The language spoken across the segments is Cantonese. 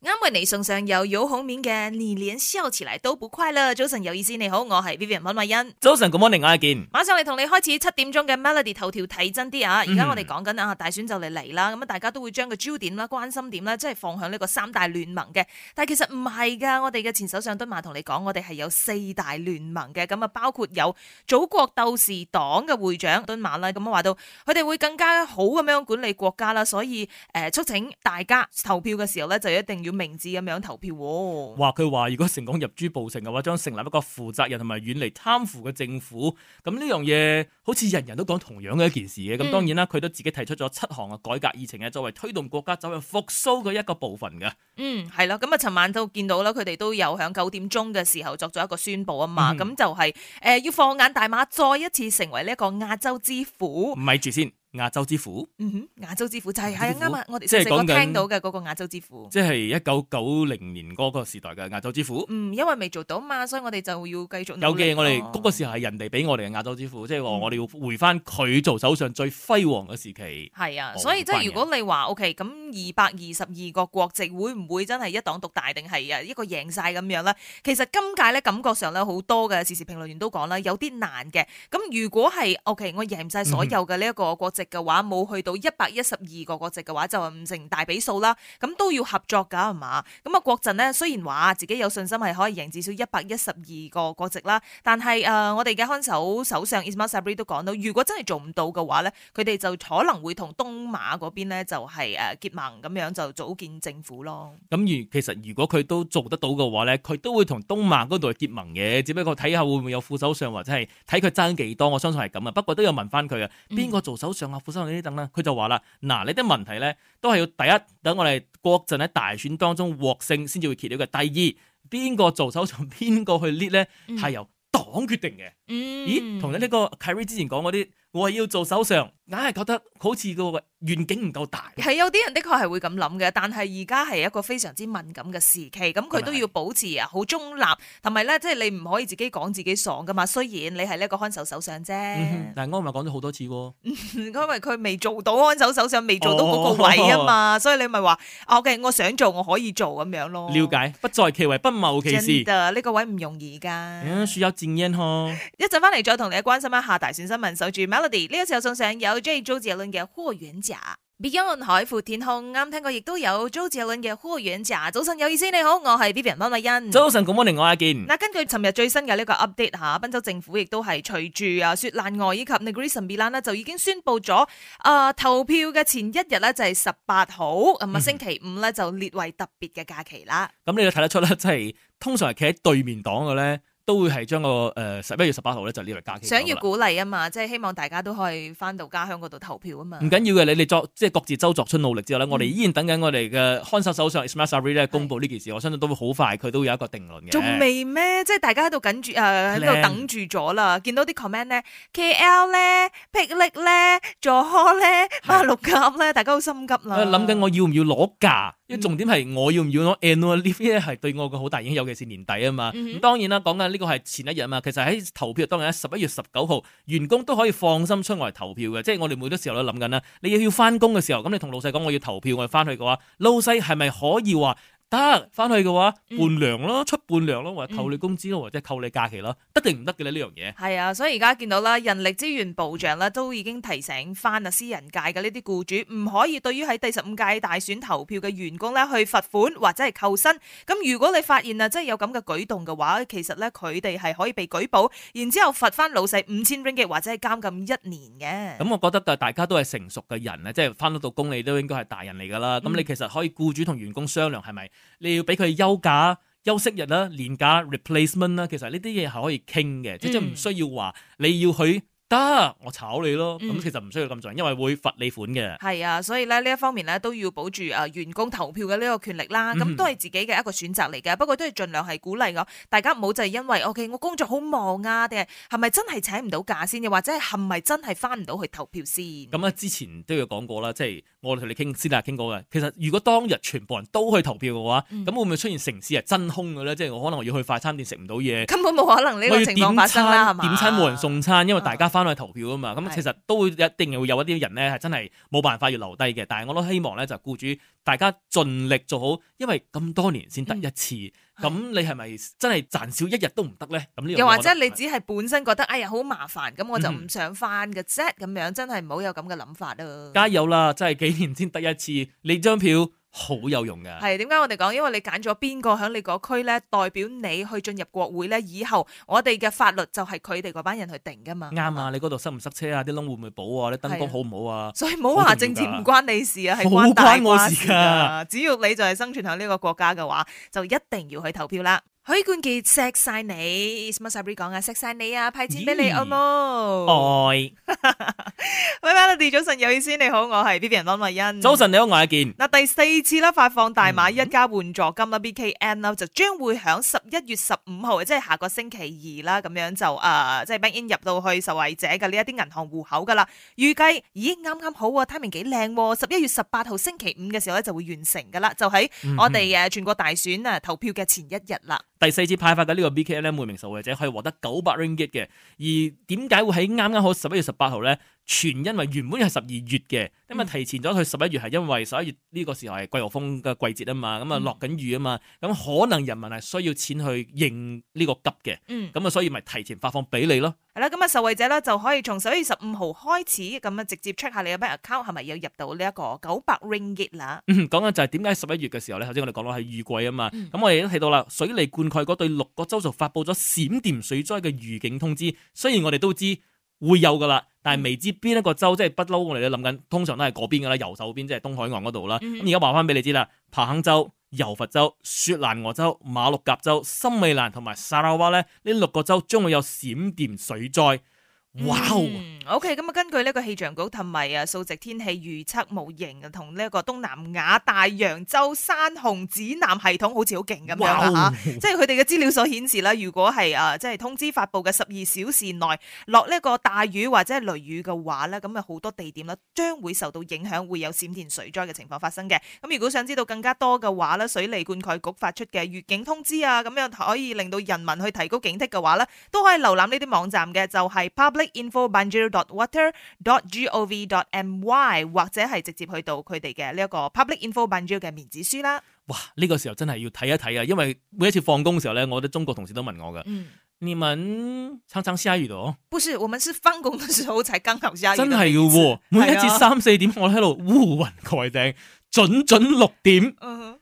啱為你送上又有，有好面嘅，年年笑起嚟都不快樂。早晨有意思，你好，我係 Vivian 溫慧欣。早晨，Good morning，我係阿健，馬上嚟同你開始七點鐘嘅 Melody 頭條睇真啲啊！而家我哋講緊啊，大選就嚟嚟啦，咁啊，大家都會將個焦點啦、關心點啦，即係放喺呢個三大聯盟嘅。但係其實唔係噶，我哋嘅前首相敦馬同你講，我哋係有四大聯盟嘅，咁啊，包括有祖國鬥士黨嘅會長敦馬啦，咁啊，話到佢哋會更加好咁樣管理國家啦，所以誒、呃，促請大家投票嘅時候咧，就一定要。要明智咁樣投票。哦，話佢話如果成功入主布城嘅話，將成立一個負責任同埋遠離貪腐嘅政府。咁呢樣嘢好似人人都講同樣嘅一件事嘅。咁、嗯、當然啦，佢都自己提出咗七項嘅改革議程嘅，作為推動國家走向復甦嘅一個部分嘅。嗯。嗯，係啦。咁、嗯、啊，尋晚都見到啦，佢哋都有響九點鐘嘅時候作咗一個宣佈啊嘛。咁、嗯嗯、就係、是、誒、呃、要放眼大馬，再一次成為呢一個亞洲之虎。唔係住先。亞洲之虎，嗯哼，亞洲之虎就係，係啊，啱啱我哋成日講聽到嘅嗰個亞洲之虎，即係一九九零年嗰個時代嘅亞洲之虎。嗯，因為未做到嘛，所以我哋就要繼續努力。有嘅，我哋嗰個時候係人哋俾我哋嘅亞洲之虎，即係話我哋要回翻佢做首相最輝煌嘅時期。係啊，所以即係如果你話 OK，咁二百二十二個國席會唔會真係一黨獨大，定係啊一個贏晒咁樣咧？其實今屆咧感覺上咧好多嘅時事評論員都講啦，有啲難嘅。咁如果係 OK，我贏晒所有嘅呢一個國。值嘅話冇去到一百一十二個國席嘅話就唔成大比數啦，咁都要合作噶係嘛？咁啊國陣呢，雖然話自己有信心係可以贏至少一百一十二個國席啦，但係誒、呃、我哋嘅看守首相 Ismail Sabri 都講到，如果真係做唔到嘅話呢，佢哋就可能會同東馬嗰邊呢，就係誒結盟咁樣就組建政府咯。咁如其實如果佢都做得到嘅話呢，佢都會同東馬嗰度結盟嘅，只不過睇下會唔會有副首相或者係睇佢爭幾多，我相信係咁啊。不過都有問翻佢啊，邊個做首相？副手嗰啲等啦，佢、嗯、就話啦：嗱，你啲問題咧，都係要第一等我哋國陣喺大選當中獲勝先至會揭到嘅。第二，邊個做首相，邊個去 lead 咧，係、嗯、由黨決定嘅。嗯、咦，同你呢個 Kerry 之前講嗰啲。我係要做首相，硬係覺得好似個願景唔夠大。係有啲人的確係會咁諗嘅，但係而家係一個非常之敏感嘅時期，咁佢都要保持啊好中立，同埋咧即係你唔可以自己講自己爽噶嘛。雖然你係呢一個看守首相啫。但係我咪講咗好多次喎， 因為佢未做到看守首相，未做到嗰個位啊嘛，哦、所以你咪話、啊、，ok，我想做我可以做咁樣咯。了解，不在其位不謀其事。呢、這個位唔容易噶。嗯，需要經驗哦。一陣翻嚟再同你關心一下，下大選新聞，守住。呢個時候送上有 J 周杰倫嘅《霍元甲》，Beyond 海闊天空，啱聽過，亦都有周杰倫嘅《霍元甲》。早晨有意思，你好，我係 Vivian 溫偉欣。早晨，咁另外一件。嗱根據尋日最新嘅呢個 update 吓、啊，賓州政府亦都係隨住啊雪蘭莪以及 Negeri Sembilan 就已經宣布咗啊投票嘅前一日咧就係十八號，咁啊星期五咧就列為特別嘅假期啦、嗯。咁、嗯嗯、你都睇得出咧，即、啊、係通常係企喺對面黨嘅咧。 都會係將個誒十一月十八號咧就列為假期。想要鼓勵啊嘛，即、就、係、是、希望大家都可以翻到家鄉嗰度投票啊嘛。唔緊要嘅，你哋作即係各自州作出努力之後咧，嗯、我哋依然等緊我哋嘅看守首相 Smithson 咧公布呢件事，我相信都會好快，佢都會有一個定論嘅。仲未咩？即係大家喺度緊住啊，喺、呃、度等住咗啦。見亮到啲 comment 咧，KL 咧、霹靂咧、佐科咧、馬六甲咧，大家好心急啦。諗緊我要唔要攞假？因、嗯、重點係我要唔要攞 annual leave 咯，呢啲咧係對我個好大影響，尤其是年底啊嘛。咁、嗯、哼當然啦，講緊呢個係前一日啊嘛。其實喺投票當日咧，十一月十九號，員工都可以放心出外投票嘅。即係我哋好多時候都諗緊啦，你要要翻工嘅時候，咁你同老細講我要投票，我翻去嘅話，老細係咪可以話？得翻去嘅話伴娘咯，嗯、出伴娘咯，或者扣你工資咯，或者扣你假期咯，一定唔得嘅呢樣嘢？係啊，所以而家見到啦，人力資源部長咧都已經提醒翻啊，私人界嘅呢啲雇主唔可以對於喺第十五屆大選投票嘅員工咧去罰款或者係扣薪。咁如果你發現啊，真係有咁嘅舉動嘅話，其實咧佢哋係可以被舉報，然之後罰翻老細五千 ringgit 或者係監禁一年嘅。咁、嗯、我覺得大家都係成熟嘅人咧，即係翻到到工你都應該係大人嚟噶啦。咁你其實可以雇主同員工商量係咪？是你要俾佢休假、休息日啦、年假、replacement 啦，其實呢啲嘢係可以傾嘅，即係唔需要話你要去。得，我炒你咯。咁其實唔需要咁做，因為會罰你款嘅。係啊，所以咧呢一方面咧都要保住誒員工投票嘅呢個權力啦。咁都係自己嘅一個選擇嚟嘅。不過都係儘量係鼓勵我，大家唔好就係因為 O K，我工作好忙啊，定係係咪真係請唔到假先，又或者係係咪真係翻唔到去投票先？咁咧、嗯、之前都有講過啦，即係我同你傾先啦，傾過嘅。其實如果當日全部人都去投票嘅話，咁會唔會出現城市係真空嘅咧？即係我可能我要去快餐店食唔到嘢，根本冇可能呢個情況發生啦，係嘛？點餐冇人送餐，因為大家、嗯翻去投票啊嘛，咁、嗯、其實都會一定係會有一啲人咧係真係冇辦法要留低嘅，但係我都希望咧就僱主大家盡力做好，因為咁多年先得一次，咁、嗯、你係咪真係賺少一日都唔得咧？咁又或者你只係本身覺得哎呀好麻煩，咁我就唔想翻嘅啫，咁、嗯、樣真係唔好有咁嘅諗法咯、啊。加油啦！真係幾年先得一次，你張票。好有用噶，係點解我哋講？因為你揀咗邊個響你嗰區咧，代表你去進入國會咧，以後我哋嘅法律就係佢哋嗰班人去定噶嘛。啱啊！嗯、你嗰度塞唔塞車啊？啲窿會唔會補啊？啲燈光好唔好啊？所以唔好話政治唔關你事啊，係關大關我事噶。只要你就係生存喺呢個國家嘅話，就一定要去投票啦。許冠傑錫晒你，莫莎莉講啊，錫晒你啊，派錢俾你，好冇咦？啊、愛 well, ody,，喂喂，阿弟早晨，有意思，你好，我係呢啲人溫慧欣。早晨，你好，我係阿健。嗱，第四次啦，發放大馬一家援助金啦、嗯、，B K M 啦，就將會響十一月十五號，即係下個星期二啦，咁樣就誒，即、呃、係、就是、bank in 入到去受惠者嘅呢一啲銀行戶口噶啦。預計，咦，啱啱好，timing 幾靚，十一月十八號星期五嘅時候咧就會完成噶啦，就喺我哋誒全國大選啊投票嘅前一日啦。嗯嗯第四次派發嘅呢個 BKM 每名受惠者可以獲得九百 Ringgit 嘅，而點解會喺啱啱好十一月十八號咧？全因為原本係十二月嘅，咁啊提前咗去十一月係因為十一月呢個時候係季候風嘅季節啊嘛，咁啊落緊雨啊嘛，咁、嗯、可能人民係需要錢去應呢個急嘅，咁啊、嗯、所以咪提前發放俾你咯。係啦，咁啊受惠者咧就可以從十一月十五號開始咁啊直接 check 下你嘅 bank account 係咪有入到呢一個九百 ringgit 啦。嗯，講緊就係點解十一月嘅時候咧，頭先我哋講、嗯嗯、到係雨季啊嘛，咁我哋已經睇到啦，水利灌溉局對六個州就發布咗閃電水災嘅預警通知，雖然我哋都知會有噶啦。但係未知邊一個州，即係不嬲我哋都諗緊，通常都係嗰邊噶啦，右手邊即係東海岸嗰度啦。咁而家話翻俾你知啦，彭亨州、柔佛州、雪蘭莪州、馬六甲州、森美蘭同埋沙拉娃咧，呢六個州將會有閃電水災。哇哦 Wow.、嗯、OK，咁、嗯、啊，根據呢個氣象局同埋啊數值天氣預測模型，同呢個東南亞大洋洲山洪指南系統好，好似好勁咁樣吓，即係佢哋嘅資料所顯示啦。如果係啊、呃，即係通知發布嘅十二小時內落呢個大雨或者係雷雨嘅話咧，咁啊好多地點啦將會受到影響，會有閃電水災嘅情況發生嘅。咁如果想知道更加多嘅話咧，水利灌溉局發出嘅預警通知啊，咁樣可以令到人民去提高警惕嘅話咧，都可以瀏覽呢啲網站嘅，就係、是 Pub Publicinfobanguiu.water.gov.my 或者係直接去到佢哋嘅呢一個 p u b l i c i n f o b a n g u i 嘅面子書啦。哇！呢、這個時候真係要睇一睇啊，因為每一次放工嘅時候咧，我哋中國同事都問我噶。嗯、你問撐撐下雨到？」不是，我們是返工嘅時候才剛落下雨。 真係嘅喎，每一次三四點、 啊、我喺度烏雲蓋頂，準準六點。嗯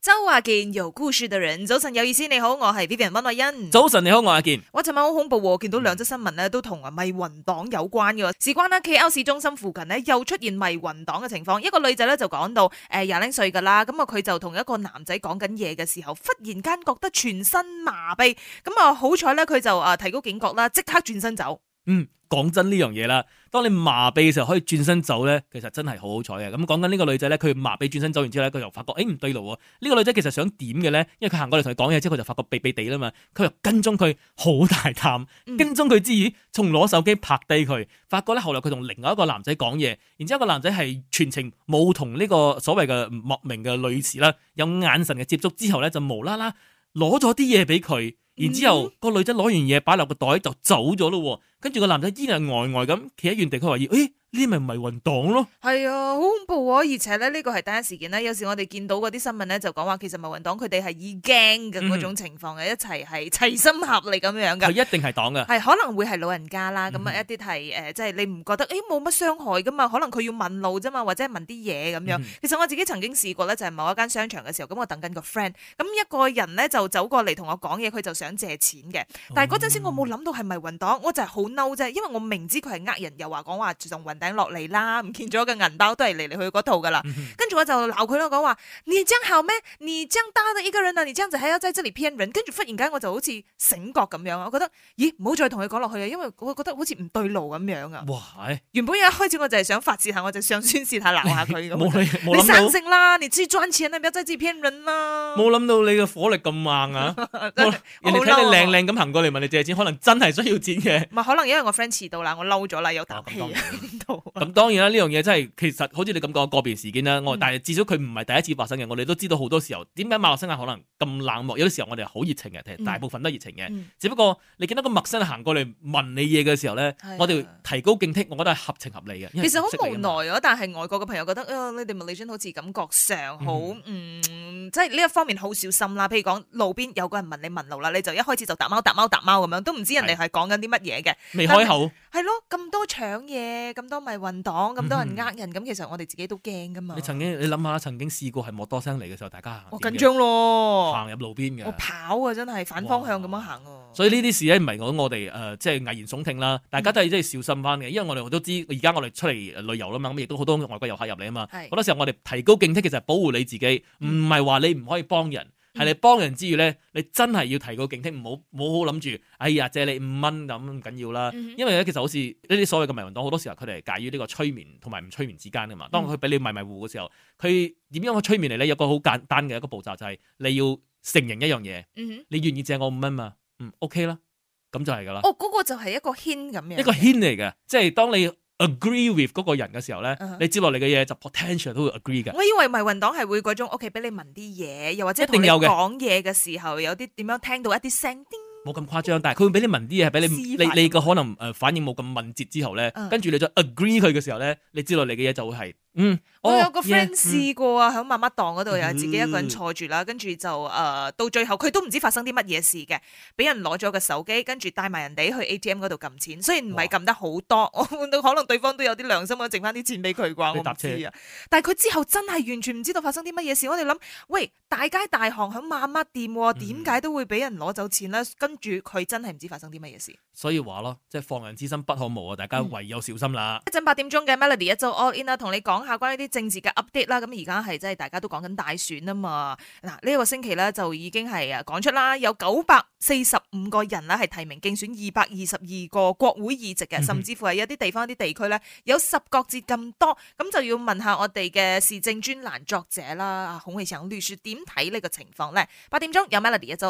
周華健有故事的人，早晨有意思，你好，我係 Vivian 溫慧恩。早晨你好，我阿健。我尋晚好恐怖，見到兩則新聞咧，都同啊迷魂黨有關嘅。事關呢，K L 市中心附近呢，又出現迷魂黨嘅情況。一個女仔咧就講到，誒廿零歲噶啦，咁啊佢就同一個男仔講緊嘢嘅時候，忽然間覺得全身麻痹，咁啊好彩咧佢就啊提高警覺啦，即刻轉身走。嗯，講真呢樣嘢，啦，當你麻痹嘅時候可以轉身走咧，其實真係好好彩嘅。咁講緊呢個女仔咧，佢麻痹轉身走完之後咧，佢又發覺誒唔對路喎。呢個女仔其實想點嘅咧？因為佢行過嚟同佢講嘢之後，佢就發覺避避地啦嘛。佢又跟蹤佢，好大膽，跟蹤佢之餘，仲攞手機拍低佢，發覺咧後來佢同另外一個男仔講嘢，然之後個男仔係全程冇同呢個所謂嘅莫名嘅女士啦，有眼神嘅接觸之後咧，就無啦啦攞咗啲嘢俾佢。然之後，嗯、個女仔攞完嘢擺落個袋就走咗咯，跟住個男仔依然呆呆咁企喺原地，佢話要，咦？呢咪迷魂黨咯，係啊，好恐怖啊！而且咧，呢、呢個係第一事件咧。有時我哋見到嗰啲新聞咧，就講話其實迷魂黨佢哋係已驚嘅嗰種情況嘅，一齊係齊心合力咁樣噶。佢一定係黨嘅，係可能會係老人家啦，咁啊、嗯、哼一啲係誒，即、呃、係、就係、你唔覺得誒冇乜傷害噶嘛？可能佢要問路啫嘛，或者問啲嘢咁樣。嗯、哼其實我自己曾經試過咧，就係、係、某一間商場嘅時候，咁我等緊個 friend，咁一個人咧就走過嚟，同我講嘢，佢就想借錢嘅。但係嗰陣時我冇諗到係迷魂黨，我就係好嬲啫，因為我明知佢係呃人，又話講話頂落嚟啦，唔見咗個銀包，都係嚟嚟去去嗰套噶啦。跟住我就鬧佢咯，講話你這樣好咩？你這樣大的一個人啊，你這樣子還要在這裡騙人？跟住忽然間我就好似醒覺咁樣，我覺得咦，唔好再同佢講落去啊，因為我覺得好似唔對路咁樣啊。原本一開始我就係想發洩下，我就想宣泄下鬧下佢咁。你生性啦，你自己賺錢啦，唔好再自己騙人啦。冇諗到你嘅火力咁猛啊！人哋你靚靚咁行過嚟問你借錢，可能真係需要錢嘅。可能因為我 friend 遲到啦，我嬲咗啦，有打氣。咁當然啦，呢樣嘢真係其實好似你咁講個別事件啦。我、嗯、但係至少佢唔係第一次發生嘅。我哋都知道好多時候點解馬來西亞可能咁冷漠，有啲時候我哋好熱情嘅，嗯、大部分都熱情嘅。嗯、只不過你見到個陌生行過嚟問你嘢嘅時候呢，哎、呀我哋提高警惕，我覺得係合情合理嘅。其實好無奈啊，但係外國嘅朋友覺得、呃、你哋物理 l 好似感覺上好即係呢一方面好小心啦。譬如講路邊有個人問你問路啦，你就一開始就答貓答貓答貓咁樣，都唔知人哋係講緊啲乜嘢嘅。未的但開口。係咯，咁多搶嘢，咁多。都咪混黨咁多人呃人，咁、嗯、其實我哋自己都驚噶嘛。你曾經你諗下曾經試過係莫多聲嚟嘅時候，大家我緊張咯，行入路邊嘅，我跑啊真係反方向咁樣行、啊。所以呢啲事咧唔係講我哋誒、呃，即係危言聳聽啦，大家都係真係小心翻嘅。嗯、因為我哋我都知，而家我哋出嚟旅遊啦嘛，咁亦都好多外國遊客入嚟啊嘛。好是多時候我哋提高警惕，其實係保護你自己，唔係話你唔可以幫人。嗯係你幫人之餘咧，你真係要提個警惕，唔好唔好諗住，哎呀借你五蚊咁唔緊要啦。嗯、哼因為咧其實好似呢啲所謂嘅迷魂黨，好多時候佢哋係介於呢個催眠同埋唔催眠之間噶嘛。嗯、當佢俾你迷迷糊糊嘅時候，佢點樣去催眠嚟咧？有個好簡單嘅一個步驟就係、是、你要承認一樣嘢，嗯、哼你願意借我五蚊嘛？嗯，OK 啦，咁就係噶啦。哦，嗰、那個就係一個牽咁樣。一個牽嚟嘅，即係當你。agree with 嗰個人嘅時候咧，你接落嚟嘅嘢就 potential 都會 agree 嘅。我以為迷魂黨係會嗰種屋企俾你聞啲嘢，又或者同你講嘢嘅時候有啲點樣聽到一啲聲，冇咁誇張，但係佢會俾你聞啲嘢，係俾你你你個可能誒反應冇咁敏捷之後咧，跟住你再 agree 佢嘅時候咧，你接落嚟嘅嘢就會係。嗯、我有個 friend 試過啊，喺媽媽檔嗰度又自己一個人坐住啦，嗯、跟住就誒、呃、到最後佢都唔知發生啲乜嘢事嘅，俾人攞咗個手機，跟住帶埋人哋去 ATM 嗰度撳錢，雖然唔係撳得好多，我到哇 可能對方都有啲良心，啊。剩翻啲錢俾佢啩，我唔知啊。但係佢之後真係完全唔知道發生啲乜嘢事，我哋諗喂，大街大巷響媽媽店，點解、嗯、都會俾人攞走錢咧？跟住佢真係唔知發生啲乜嘢事。所以話咯，即、就、係、是、防人之心不可無啊，大家唯有小心啦。嗯、一陣八點鐘嘅 Melody 一早 all in 啦，同你講。下關於啲政治嘅 update 啦，咁而家係真係大家都講緊大選啊嘛。嗱，呢個星期咧就已經係啊講出啦，有九百四十五個人啦係提名競選二百二十二個國會議席嘅，甚至乎係一啲地方一啲地區咧有十個字咁多，咁就要問下我哋嘅市政專欄作者啦，孔慶祥律師點睇呢個情況咧？八點鐘有 Melody 嘅就